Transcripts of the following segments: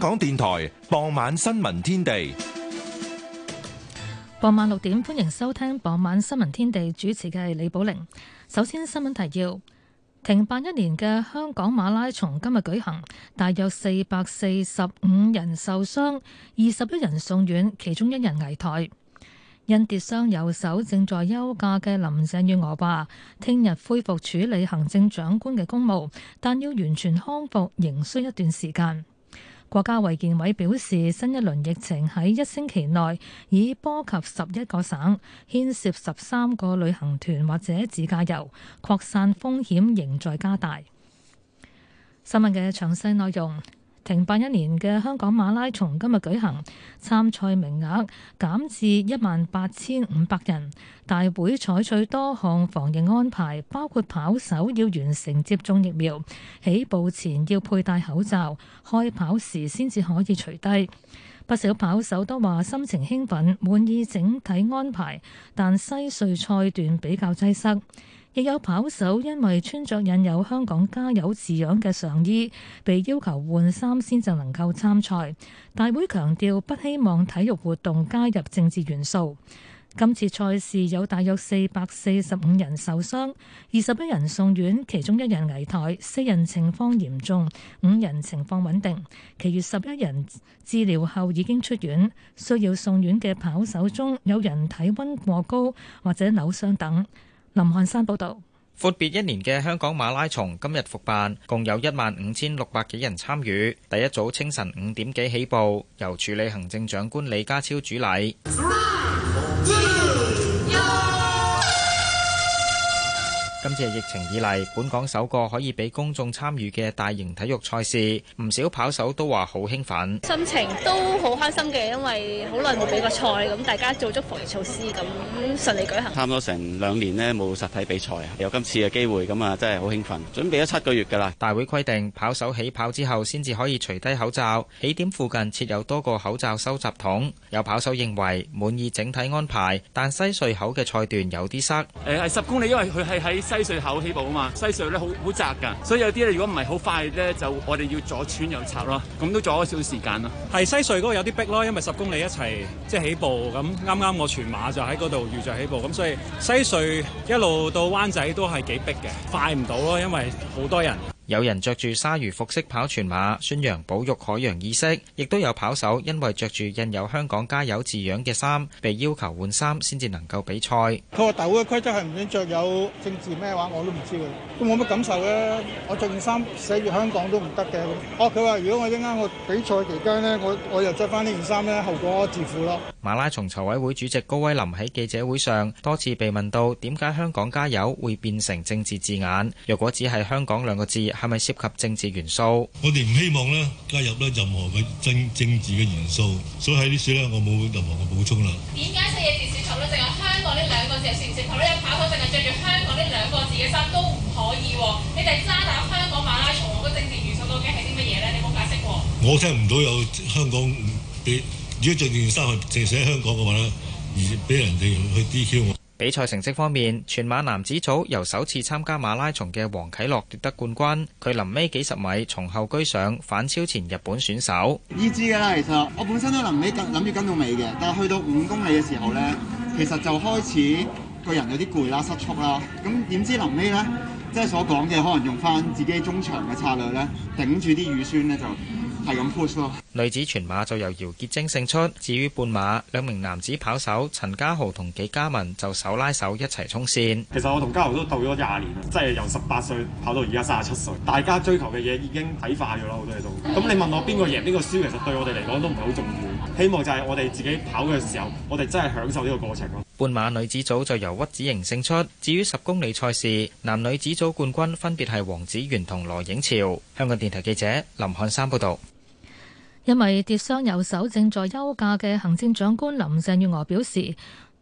香港電台傍晚新聞天地，傍晚六點歡迎收聽。傍晚新聞天地主持嘅係李寶玲。首先，新聞提要：停辦一年嘅香港馬拉松今日舉行，大約四百四十五人受傷，二十一人送院，其中一人危殆。因跌傷右手，正在休假嘅林鄭月娥話，聽日恢復處理行政長官嘅公務，但要完全康復仍需一段時間。國家衛健委表示，新一輪疫情喺一星期內已波及十一個省，牽涉十三個旅行團或者自駕遊，擴散風險仍在加大。新聞嘅詳細內容。停辦一年嘅香港馬拉松今日舉行，參賽名額減至一萬八千五百人。大會採取多項防疫安排，包括跑手要完成接種疫苗，起步前要佩戴口罩，開跑時先至可以除低。不少跑手都話心情興奮，滿意整體安排，但西隧賽段比較擠塞。亦有跑手因為穿著印有香港加油字樣嘅上衣，被要求換衫先就能夠參賽。大會強調不希望體育活動加入政治元素。今次賽事有大約四百四十五人受傷，二十一人送院，其中一人危殆，四人情況嚴重，五人情況穩定。其餘十一人治療後已經出院。需要送院嘅跑手中有人體溫過高或者扭傷等。林漢山報道，闊別一年嘅香港馬拉松今日復辦，共有一萬五千六百幾人參與。第一組清晨五點幾起步，由署理行政長官李家超主禮。啊今次係疫情以嚟，本港首個可以俾公眾參與嘅大型體育賽事，唔少跑手都話好興奮，心情都好開心嘅，因為好耐冇比過賽，咁大家做足防疫措施，咁順利舉行。差唔多成兩年呢，冇實體比賽啊，有今次嘅機會，咁啊真係好興奮。準備咗七個月㗎啦。大會規定跑手起跑之後先至可以除低口罩，起點附近設有多個口罩收集桶。有跑手認為滿意整體安排，但西隧口嘅賽段有啲塞。誒係十公里，因為佢係喺西隧口起步啊嘛，西隧咧好好窄噶，所以有啲咧如果唔係好快咧，就我哋要左穿右插咯，咁都阻咗少少時間咯。係西隧嗰個有啲逼咯，因為十公里一齊即係起步，咁啱啱我全馬就喺嗰度遇着起步，咁所以西隧一路到灣仔都係幾逼嘅，快唔到咯，因為好多人。有人着住鯊魚服飾跑全馬，宣揚保育海洋意識；亦都有跑手因為着住印有香港加油字樣嘅衫，被要求換衫先至能夠比賽。佢話大會嘅規則係唔準着有政治咩話，我都唔知嘅，都冇乜感受嘅。我着件衫寫住香港都唔得嘅。哦，佢話如果我一陣我比賽期間呢，我我又着返呢件衫呢，後果自負咯。馬拉松籌委會主席高威林喺記者會上多次被問到點解香港加油會變成政治字眼？若果只係香港兩個字，係咪涉及政治元素？我哋唔希望咧加入咧任何嘅政政治嘅元素，所以喺呢處咧我冇任何嘅補充啦。點解出嘢電視台咧淨係香港呢兩個字？電視台咧有跑手淨係著住香港呢兩個字嘅衫都唔可以喎？你哋渣打香港馬拉松，個政治元素究竟係啲乜嘢咧？你冇解釋喎。我聽唔到有香港啲。如果著件衫去淨係寫香港嘅話咧，而俾人哋去 DQ 我。比賽成績方面，全馬男子組由首次參加馬拉松嘅黃啟樂奪得冠軍。佢臨尾幾十米從後居上反超前日本選手。呢支㗎啦，其實我本身都臨尾諗諗住跟到尾嘅，但係去到五公里嘅時候咧，其實就開始個人有啲攰啦、失速啦。咁點知臨尾咧，即係所講嘅可能用翻自己中場嘅策略咧，頂住啲乳酸咧就。係咁，女子全馬就由姚潔晶勝出。至於半馬，兩名男子跑手陳家豪同紀嘉文就手拉手一齊衝線。其實我同嘉豪都到咗廿年，真係由十八歲跑到而家三十七歲。大家追求嘅嘢已經睇化咗咯，好多嘢都。咁你問我邊個贏邊個輸，其實對我哋嚟講都唔係好重要。希望就係我哋自己跑嘅時候，我哋真係享受呢個過程咯。半馬女子組就由屈子瑩勝出。至於十公里賽事，男女子組冠軍分別係黃子源同羅影潮。香港電台記者林漢山報導。因為跌傷右手，正在休假嘅行政長官林鄭月娥表示，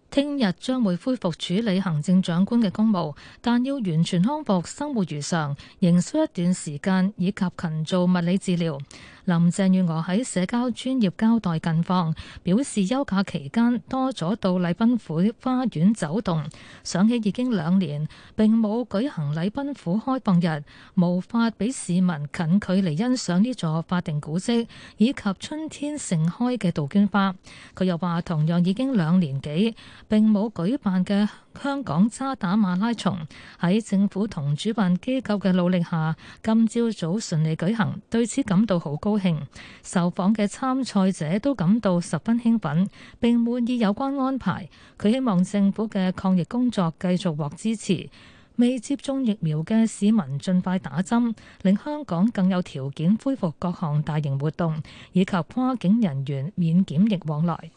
聽日將會恢復處理行政長官嘅公務，但要完全康復生活如常，仍需一段時間以及勤做物理治療。林鄭月娥喺社交專頁交代近況，表示休假期間多咗到禮賓府花園走動，想起已經兩年並冇舉行禮賓府開放日，無法俾市民近距離欣賞呢座法定古蹟以及春天盛開嘅杜鵑花。佢又話，同樣已經兩年幾並冇舉辦嘅。香港渣打馬拉松喺政府同主辦機構嘅努力下，今朝早順利舉行，對此感到好高興，受訪嘅參賽者都感到十分興奮並滿意有關安排。佢希望政府嘅抗疫工作繼續獲支持，未接種疫苗嘅市民盡快打針，令香港更有條件恢復各項大型活動以及跨境人員免檢疫往來。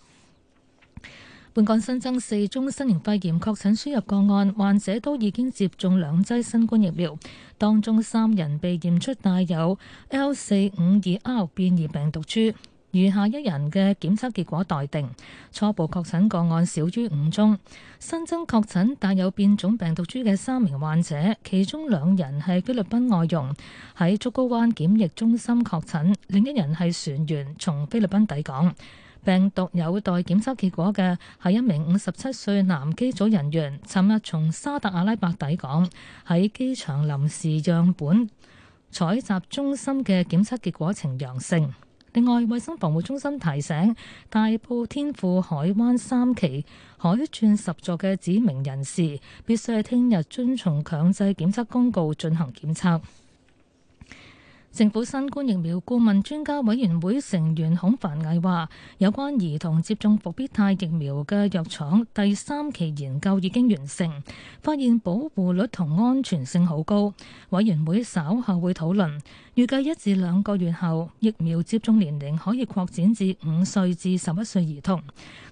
本港新增四宗新型肺炎確診輸入個案，患者都已經接種兩劑新冠疫苗，當中三人被驗出帶有 L 四五二 R 變異病毒株，餘下一人嘅檢測結果待定。初步確診個案少於五宗。新增確診帶有變種病毒株嘅三名患者，其中兩人係菲律賓外傭喺竹篙灣檢疫中心確診，另一人係船員從菲律賓抵港。病毒有待檢測結果嘅係一名五十七歲男機組人員，尋日從沙特阿拉伯抵港，喺機場臨時樣本採集中心嘅檢測結果呈陽性。另外，衛生防護中心提醒，大埔天富海灣三期海鑽十座嘅指明人士，必須係聽日遵從強制檢測公告進行檢測。政府新冠疫苗顧問專家委員會成員孔繁毅話：有關兒童接種復必泰疫苗嘅藥廠第三期研究已經完成，發現保護率同安全性好高。委員會稍後會討論，預計一至兩個月後，疫苗接種年齡可以擴展至五歲至十一歲兒童。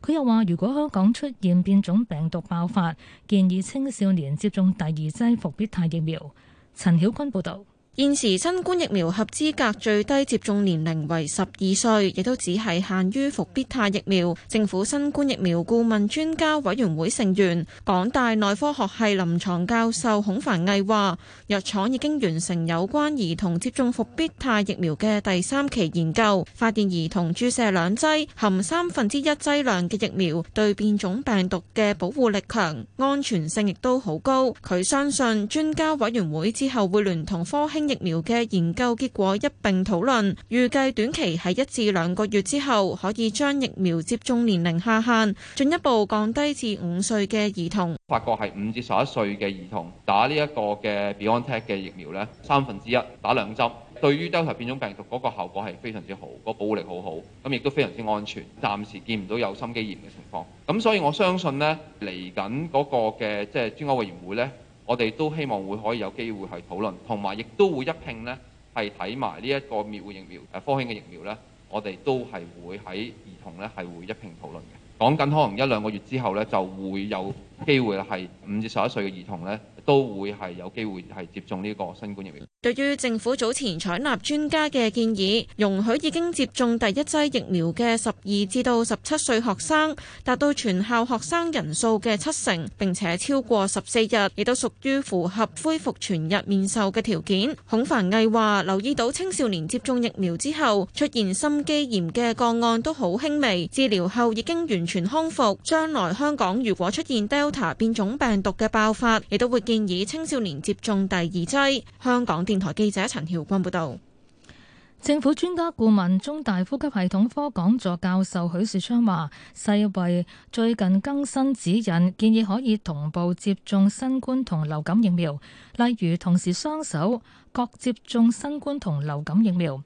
佢又話：如果香港出現變種病毒爆發，建議青少年接種第二劑復必泰疫苗。陳曉君報道。現時新冠疫苗合資格最低接種年齡為十二歲，亦都只係限於復必泰疫苗。政府新冠疫苗顧問專家委員會成員、港大內科學系臨床教授孔凡毅話：藥廠已經完成有關兒童接種復必泰疫苗嘅第三期研究，發現兒童注射兩劑含三分之一劑量嘅疫苗，對變種病毒嘅保護力強，安全性亦都好高。佢相信專家委員會之後會聯同科興。疫苗嘅研究結果一併討論，預計短期喺一至兩個月之後，可以將疫苗接種年齡下限進一步降低至五歲嘅兒童。發覺係五至十一歲嘅兒童打呢一個嘅 BioNTech 嘅疫苗咧，三分之一打兩針，對於德爾塔變種病毒嗰個效果係非常之好，個保護力好好，咁亦都非常之安全。暫時見唔到有心肌炎嘅情況，咁所以我相信咧，嚟緊嗰個嘅即係專家委員會咧。我哋都希望會可以有機會去討論，同埋亦都會一拼呢係睇埋呢一個滅活疫苗誒、呃、科興嘅疫苗呢，我哋都係會喺兒童呢係會一拼討論嘅。講緊可能一兩個月之後呢，就會有機會係五至十一歲嘅兒童呢。都會係有機會係接種呢個新冠疫苗。對於政府早前採納專家嘅建議，容許已經接種第一劑疫苗嘅十二至到十七歲學生，達到全校學生人數嘅七成，並且超過十四日，亦都屬於符合恢復全日面授嘅條件。孔繁毅話：留意到青少年接種疫苗之後出現心肌炎嘅個案都好輕微，治療後已經完全康復。將來香港如果出現 Delta 變種病毒嘅爆發，亦都會見。建議青少年接種第二劑。香港電台記者陳曉君報道，政府專家顧問、中大呼吸系統科講座教授許樹昌話，世衛最近更新指引，建議可以同步接種新冠同流感疫苗，例如同時雙手各接種新冠同流感疫苗。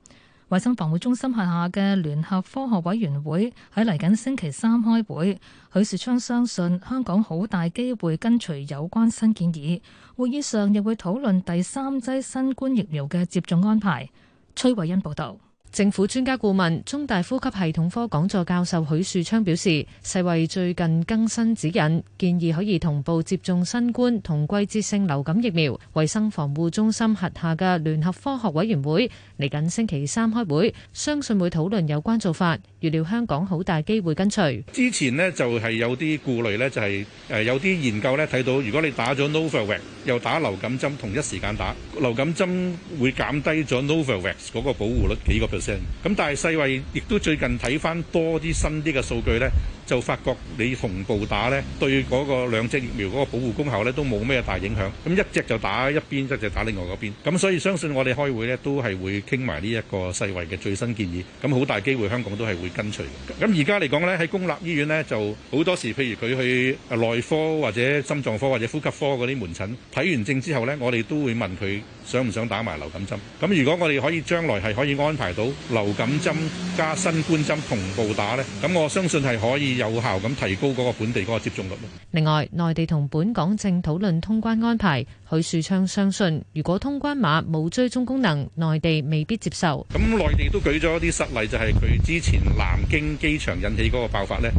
衛生防護中心轄下嘅聯合科學委員會喺嚟緊星期三開會，許樹昌相信香港好大機會跟隨有關新建議。會議上亦會討論第三劑新冠疫苗嘅接種安排。崔慧欣報道，政府專家顧問、中大呼吸系統科講座教授許樹昌表示，世衛最近更新指引，建議可以同步接種新冠同季節性流感疫苗。衛生防護中心轄下嘅聯合科學委員會。嚟緊星期三開會，相信會討論有關做法，預料香港好大機會跟隨。之前呢就係有啲顧慮呢，就係誒有啲研究呢睇到，如果你打咗 Novavax 又打流感針，同一時間打流感針會減低咗 Novavax 嗰個保護率幾個 percent。咁但係世衞亦都最近睇返多啲新啲嘅數據呢，就發覺你同步打呢，對嗰個兩隻疫苗嗰個保護功效呢都冇咩大影響。咁一隻就打一邊，一隻打另外一邊。咁所以相信我哋開會呢都係會。傾埋呢一個世衞嘅最新建議，咁好大機會香港都係會跟隨咁。咁而家嚟講呢，喺公立醫院呢，就好多時，譬如佢去內科或者心臟科或者呼吸科嗰啲門診睇完症之後呢，我哋都會問佢想唔想打埋流感針。咁如果我哋可以將來係可以安排到流感針加新冠針同步打呢，咁我相信係可以有效咁提高嗰個本地嗰個接種率。另外，內地同本港正討論通關安排。許樹昌相信，如果通關碼冇追蹤功能，內地未必接受。咁內地都舉咗一啲實例，就係、是、佢之前南京機場引起嗰個爆發呢，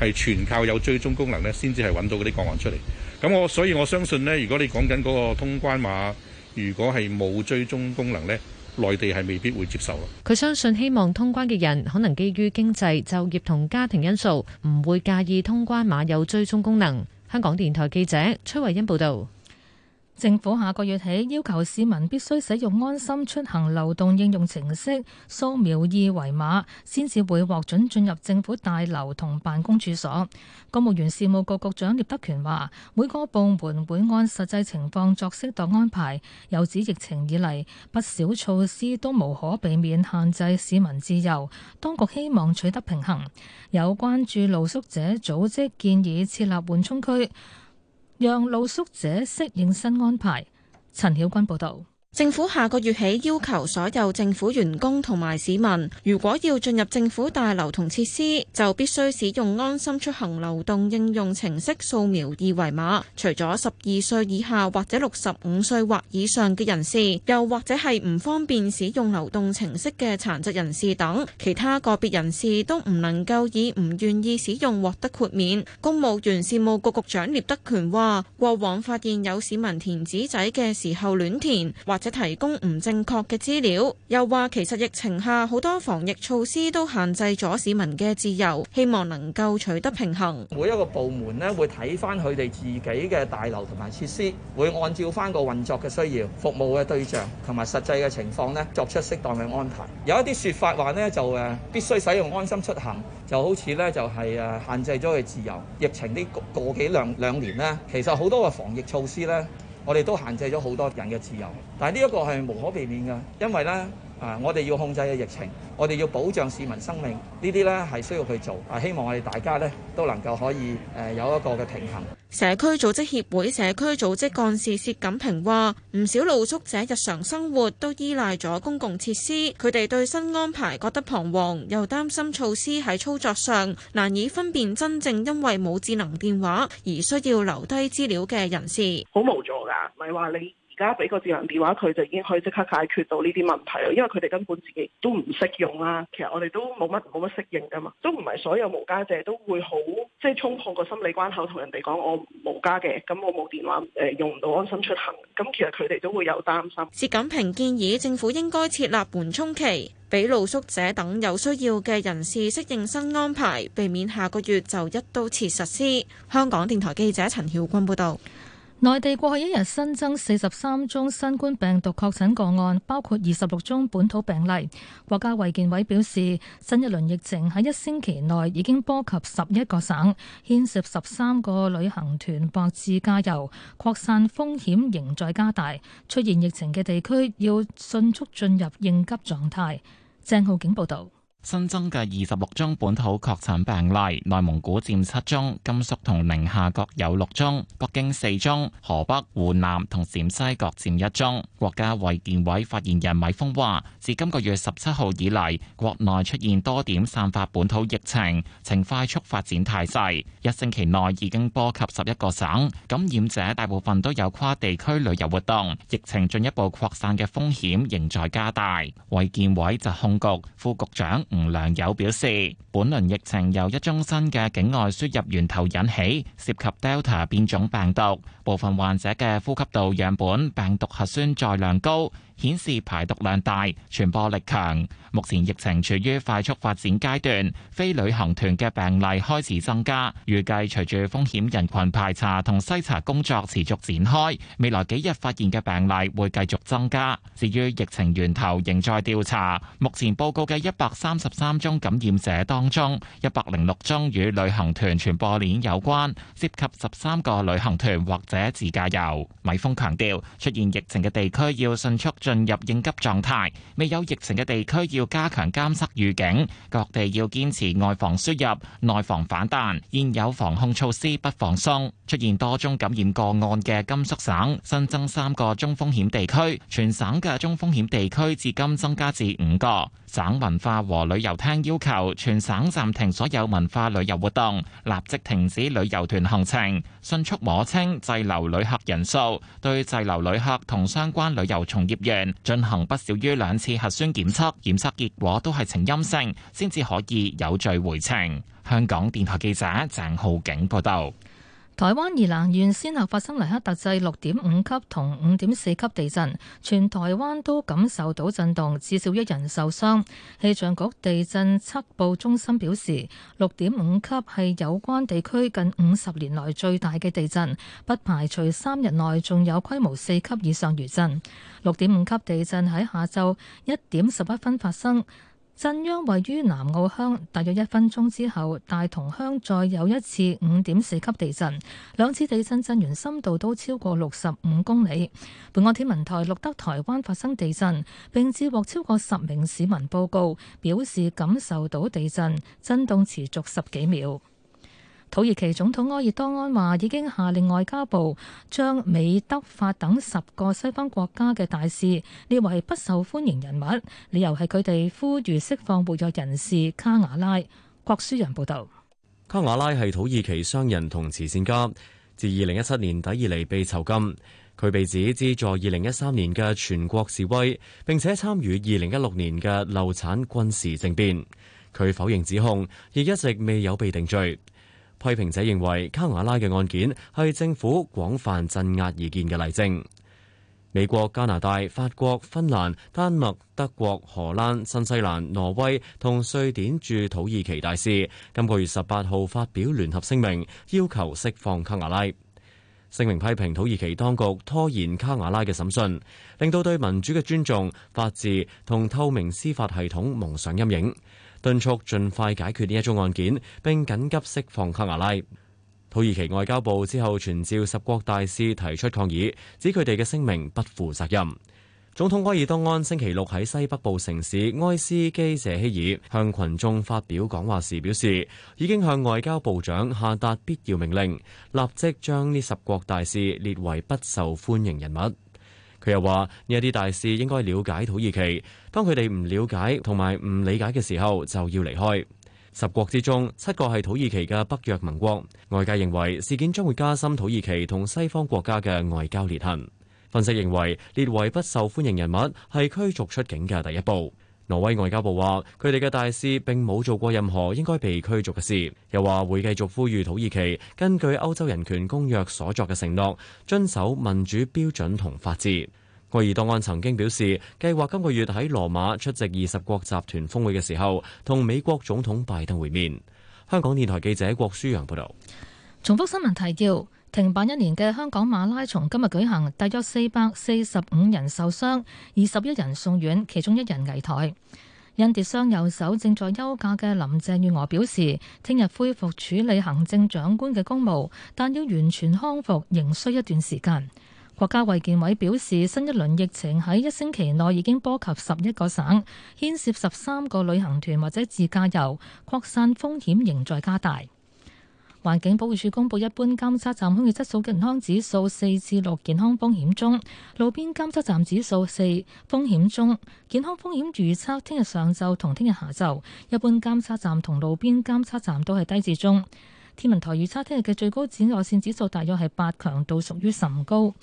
係全靠有追蹤功能呢，先至係揾到嗰啲個案出嚟。咁我所以我相信呢，如果你講緊嗰個通關碼，如果係冇追蹤功能呢，內地係未必會接受。佢相信，希望通關嘅人可能基於經濟、就業同家庭因素，唔會介意通關碼有追蹤功能。香港電台記者崔慧欣報道。政府下個月起要求市民必須使用安心出行流動應用程式掃描二維碼，先至會獲准進入政府大樓同辦公處所。公務員事務局局長聶德權話：每個部門會按實際情況作適當安排。又指疫情以嚟不少措施都無可避免限制市民自由，當局希望取得平衡。有關注露宿者組織建議設立緩衝區。讓露宿者適應新安排。陳曉君報道。政府下個月起要求所有政府員工同埋市民，如果要進入政府大樓同設施，就必須使用安心出行流動應用程式掃描二維碼。除咗十二歲以下或者六十五歲或以上嘅人士，又或者係唔方便使用流動程式嘅殘疾人士等，其他個別人士都唔能夠以唔願意使用獲得豁免。公務員事務局局長聶德權話：過往發現有市民填紙仔嘅時候亂填，或者或者提供唔正確嘅資料，又話其實疫情下好多防疫措施都限制咗市民嘅自由，希望能夠取得平衡。每一個部門咧會睇翻佢哋自己嘅大樓同埋設施，會按照翻個運作嘅需要、服務嘅對象同埋實際嘅情況咧作出適當嘅安排。有一啲說法話咧就誒必須使用安心出行，就好似咧就係、是、誒限制咗佢自由。疫情個個呢個幾兩兩年咧，其實好多嘅防疫措施咧。我哋都限制咗好多人嘅自由，但係呢一個係無可避免嘅，因為咧。啊！我哋要控制嘅疫情，我哋要保障市民生命，呢啲咧係需要去做。啊，希望我哋大家咧都能夠可以誒有一個嘅平衡。社區組織協會社區組織幹事薛錦 平話唔少露宿者日常生活都依賴咗公共設施，佢哋對新安排覺得彷徨，又擔心措施喺操作上難以分辨真正因為冇智能電話而需要留低資料嘅人士。好無助㗎，咪話你。 大家俾個智能電話佢就已經可以即刻解決到呢啲問題咯，因為佢哋根本自己都唔識用啦。其實我哋都冇乜冇乜適應噶嘛，都唔係所有無家者都會好即係衝破個心理關口，同人哋講我無家嘅，咁我冇電話誒用唔到安心出行。咁其實佢哋都會有擔心。薛錦平建議政府應該設立緩衝期，俾露宿者等有需要嘅人士適應新安排，避免下個月就一刀切實施。香港電台記者陳曉君報導。內地過去一日新增四十三宗新冠病毒確診個案，包括二十六宗本土病例。國家衛健委表示，新一輪疫情喺一星期內已經波及十一個省，牽涉十三個旅行團或自駕遊，擴散風險仍在加大。出現疫情嘅地區要迅速進入應急狀態。鄭浩景報道。新增嘅二十六宗本土確診病例，內蒙古佔七宗，甘肅同寧夏各有六宗，北京四宗，河北、湖南同陝西各佔一宗。國家衛健委發言人米峰話，自今個月十七號以嚟，國內出現多點散發本土疫情，呈快速發展態勢，一星期內已經波及十一個省，感染者大部分都有跨地區旅遊活動，疫情進一步擴散嘅風險仍在加大。衛健委疾控局副局長。吳良友表示，本輪疫情由一宗新嘅境外輸入源頭引起，涉及 Delta 變種病毒，部分患者嘅呼吸道樣本病毒核酸載量高。顯示排毒量大、傳播力強，目前疫情處於快速發展階段。非旅行團嘅病例開始增加，預計隨住風險人群排查同篩查工作持續展開，未來幾日發現嘅病例會繼續增加。至於疫情源頭仍在調查，目前報告嘅一百三十三宗感染者當中，一百零六宗與旅行團傳播鏈有關，涉及十三個旅行團或者自駕遊。米峰強調，出現疫情嘅地區要迅速，進入應急狀態，未有疫情嘅地區要加強監測預警，各地要堅持外防輸入、內防反彈，現有防控措施不放鬆。出現多宗感染個案嘅甘肅省新增三個中風險地區，全省嘅中風險地區至今增加至五個。省文化和旅遊廳要求全省暫停所有文化旅遊活動，立即停止旅遊團行程，迅速摸清滯留旅客人數，對滯留旅客同相關旅遊從業員進行不少於兩次核酸檢測，檢測結果都係呈陰性，先至可以有序回程。香港電台記者鄭浩景報道。台灣宜蘭縣先後發生黎克特制六點五級同五點四級地震，全台灣都感受到震動，至少一人受傷。氣象局地震測報中心表示，六點五級係有關地區近五十年來最大嘅地震，不排除三日內仲有規模四級以上餘震。六點五級地震喺下晝一點十一分發生。震央位於南澳鄉，大約一分鐘之後，大同鄉再有一次五點四級地震，兩次地震震源深度都超過六十五公里。本港天文台錄得台灣發生地震，並接獲超過十名市民報告，表示感受到地震，震動持續十幾秒。土耳其總統埃爾多安話已經下令外交部將美、德、法等十個西方國家嘅大使列為不受歡迎人物，理由係佢哋呼籲釋放活躍人士卡瓦拉。郭書人報道，卡瓦拉係土耳其商人同慈善家，自二零一七年底以嚟被囚禁。佢被指資助二零一三年嘅全國示威，並且參與二零一六年嘅流產軍事政變。佢否認指控，亦一直未有被定罪。批評者認為卡瓦拉嘅案件係政府廣泛鎮壓異見嘅例證。美國、加拿大、法國、芬蘭、丹麥、德國、荷蘭、新西蘭、挪威同瑞典駐土耳其大使今個月十八號發表聯合聲明，要求釋放卡瓦拉。聲明批評土耳其當局拖延卡瓦拉嘅審訊，令到對民主嘅尊重、法治同透明司法系統蒙上陰影，敦促盡快解決呢一宗案件，並緊急釋放卡瓦拉。土耳其外交部之後傳召十國大使提出抗議，指佢哋嘅聲明不負責任。總統埃爾多安星期六喺西北部城市埃斯基謝希爾向群眾發表講話時表示，已經向外交部長下達必要命令，立即將呢十國大使列為不受歡迎人物。佢又話：呢一啲大使應該了解土耳其。當佢哋唔了解同埋唔理解嘅時候，就要離開。十國之中，七個係土耳其嘅北約盟國。外界認為事件將會加深土耳其同西方國家嘅外交裂痕。分析認為，列為不受歡迎人物係驅逐出境嘅第一步。挪威外交部話，佢哋嘅大使並冇做過任何應該被驅逐嘅事，又話會繼續呼籲土耳其根據歐洲人權公約所作嘅承諾，遵守民主標準同法治。愛爾多安曾經表示，計劃今個月喺羅馬出席二十國集團峰會嘅時候，同美國總統拜登會面。香港電台記者郭舒陽報道。重複新聞提要。停辦一年嘅香港馬拉松今日舉行，大約四百四十五人受傷，二十一人送院，其中一人危殆。因跌傷右手正在休假嘅林鄭月娥表示，聽日恢復處理行政長官嘅公務，但要完全康復仍需一段時間。國家衛健委表示，新一輪疫情喺一星期內已經波及十一個省，牽涉十三個旅行團或者自駕遊，擴散風險仍在加大。環境保護署公布一般監測站空氣質素健康指數四至六，健康風險中；路邊監測站指數四，風險中。健康風險預測：聽日上晝同聽日下晝，一般監測站同路邊監測站都係低至中。天文台預測聽日嘅最高紫外線指數大約係八，強度屬於甚高。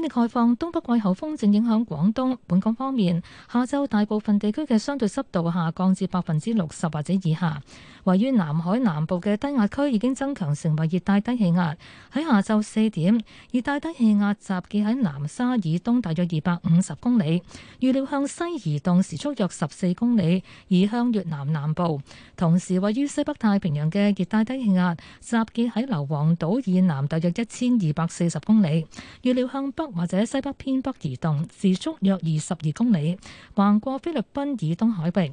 天氣概況，東北季候風正影響廣東。本港方面，下晝大部分地區嘅相對濕度下降至百分之六十或者以下。位於南海南部嘅低壓區已經增強成為熱帶低氣壓，喺下晝四點，熱帶低氣壓集結喺南沙以東大約二百五十公里，預料向西移動時速約十四公里，移向越南南部。同時，位於西北太平洋嘅熱帶低氣壓集結喺硫磺島以南大約一千二百四十公里，預料向北，或者西北偏北移動，時速約二十二公里，橫過菲律賓以東海域。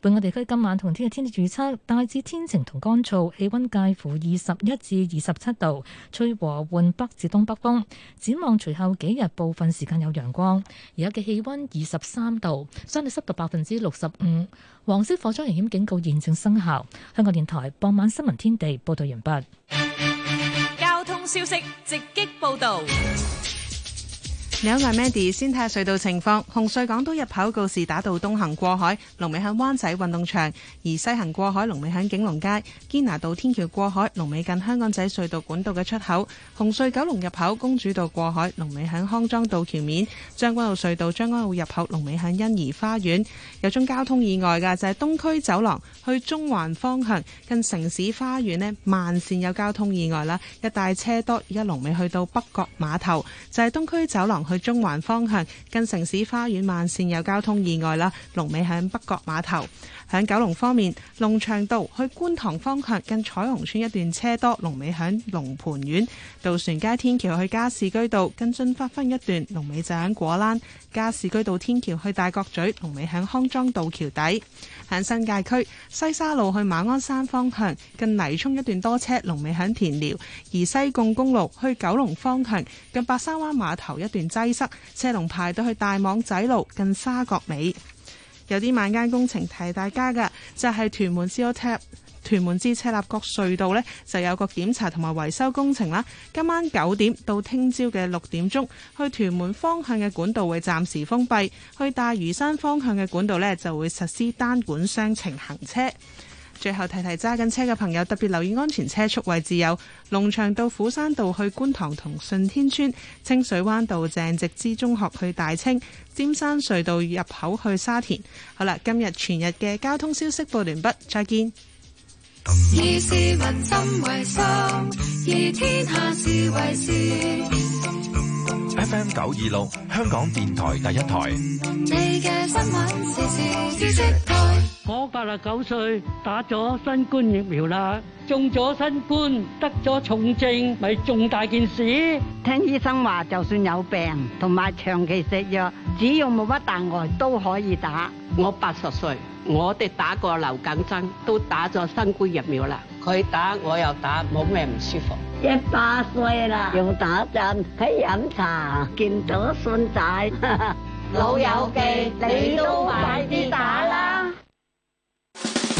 本港地區今晚同天嘅天氣預測，大致天晴同乾燥，氣温介乎二十一至二十七度，吹和緩北至東北風。展望隨後幾日，部分時間有陽光。而家嘅氣温二十三度，相對濕度百分之六十五，黃色火災危險警告現正生效。香港電台傍晚新聞天地報道完畢。交通消息直擊報導。你好，我係 Mandy 先睇下隧道情況。紅隧港島入口告士打道東行過海，龍尾響灣仔運動場；而西行過海，龍尾響景隆街。堅拿道天橋過海，龍尾近香港仔隧道管道嘅出口。紅隧九龍入口公主道過海，龍尾響康莊道橋面。將軍澳隧道將軍澳入口，龍尾響欣怡花園。有宗交通意外嘅就係東區走廊去中環方向，近城市花園呢，慢綫有交通意外啦，一帶車多，而家龍尾去到北角碼頭，就係東區走廊去。中環方向近城市花園慢線有交通意外啦，龍尾響北角碼頭。喺九龍方面，龍翔道去觀塘方向近彩虹村一段車多，龍尾響龍蟠苑；渡船街天橋去加士居道近駿發邨一段龍尾就響果欄；加士居道天橋去大角咀龍尾響康莊道橋底。喺新界區，西沙路去馬鞍山方向近泥涌一段多車，龍尾響田寮；而西貢公路去九龍方向近白沙灣碼頭一段擠塞，車龍排到去大網仔路近沙角尾。有啲晚間工程提大家㗎，就係屯門至赤。屯門至赤鱲角隧道呢，就有個檢查同埋維修工程啦。今晚九點到聽朝嘅六點鐘，去屯門方向嘅管道會暫時封閉，去大嶼山方向嘅管道呢，就會實施單管雙程行車。最後提提揸緊車嘅朋友，特別留意安全車速。位置有龍翔道、虎山道去觀塘同順天村、清水灣道鄭植之中學去大清、尖山隧道入口去沙田。好啦，今日全日嘅交通消息報完畢，再見。以 FM 九二六，香港電台第一台。我八十九歲，打咗新冠疫苗啦，中咗新冠，得咗重症，咪重大件事。聽醫生話，就算有病同埋長期食藥，只要冇乜大礙都可以打。我八十歲。我哋打過流感針，都打咗新冠疫苗啦。佢打我又打，冇咩唔舒服。一百歲啦，又打針。喺飲茶，見到孫仔。老友記，你都快啲打啦！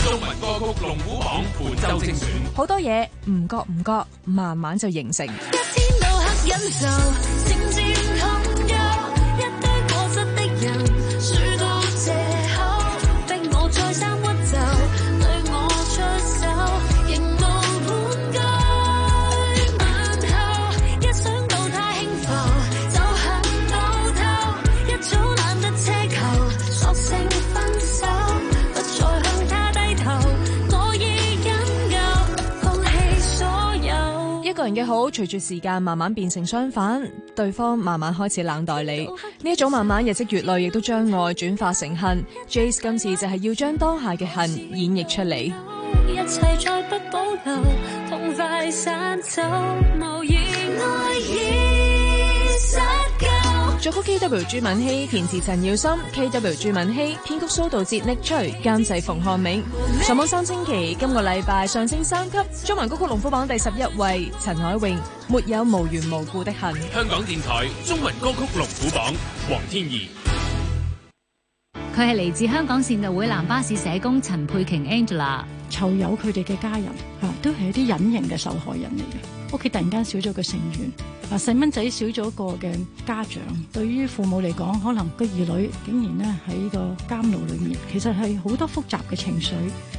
中文歌曲《龍虎榜》伴奏正選，好多嘢唔覺唔覺，慢慢就形成。嘅好，隨住時間慢慢變成相反，對方慢慢開始冷待你。呢一種慢慢日積月累，亦都將愛轉化成恨。Jace 今次就係要將當下嘅恨演繹出嚟。 作曲 K W 朱敏希，填詞陳耀森，K W 朱敏希，編曲蘇道哲、Nick 崔，監製馮漢明。上望三星期，今個禮拜上升三級，中文歌曲龍虎榜第十一位，陳海榮沒有無緣無故的恨。香港電台中文歌曲龍虎榜，黃天怡。佢係嚟自香港善道會藍巴士社工陳佩瓊 Angela，仲有佢哋嘅家人吓，都係一啲隱形嘅受害人嚟嘅。屋企突然間少咗個成員，啊，細蚊仔少咗個嘅家長，對於父母嚟講，可能個兒女竟然咧喺個監牢裏面，其實係好多複雜嘅情緒，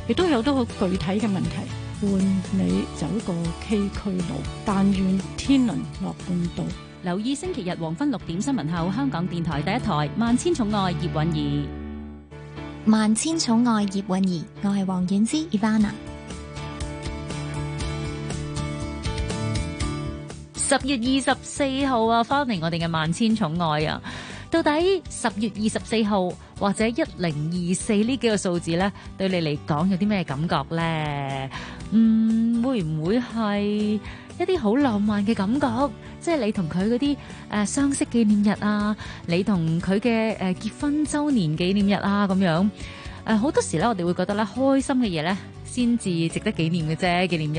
亦都有好多具體嘅問題，伴你走個崎嶇路。但願天倫樂半道。留意星期日黃昏六點新聞後，香港電台第一台《萬千寵愛葉蘊儀》，《萬千寵愛葉蘊儀》，我係黃婉之 Evana。十月二十四號啊，翻嚟我哋嘅萬千寵愛啊！到底十月二十四號或者一零二四呢幾個數字咧，對你嚟講有啲咩感覺咧？嗯，會唔會係一啲好浪漫嘅感覺？即係你同佢啲誒相識紀念日啊，你同佢嘅誒結婚週年紀念日啊咁樣？誒，好多時咧，我哋會覺得咧，開心嘅嘢咧，先至值得紀念嘅啫，紀念。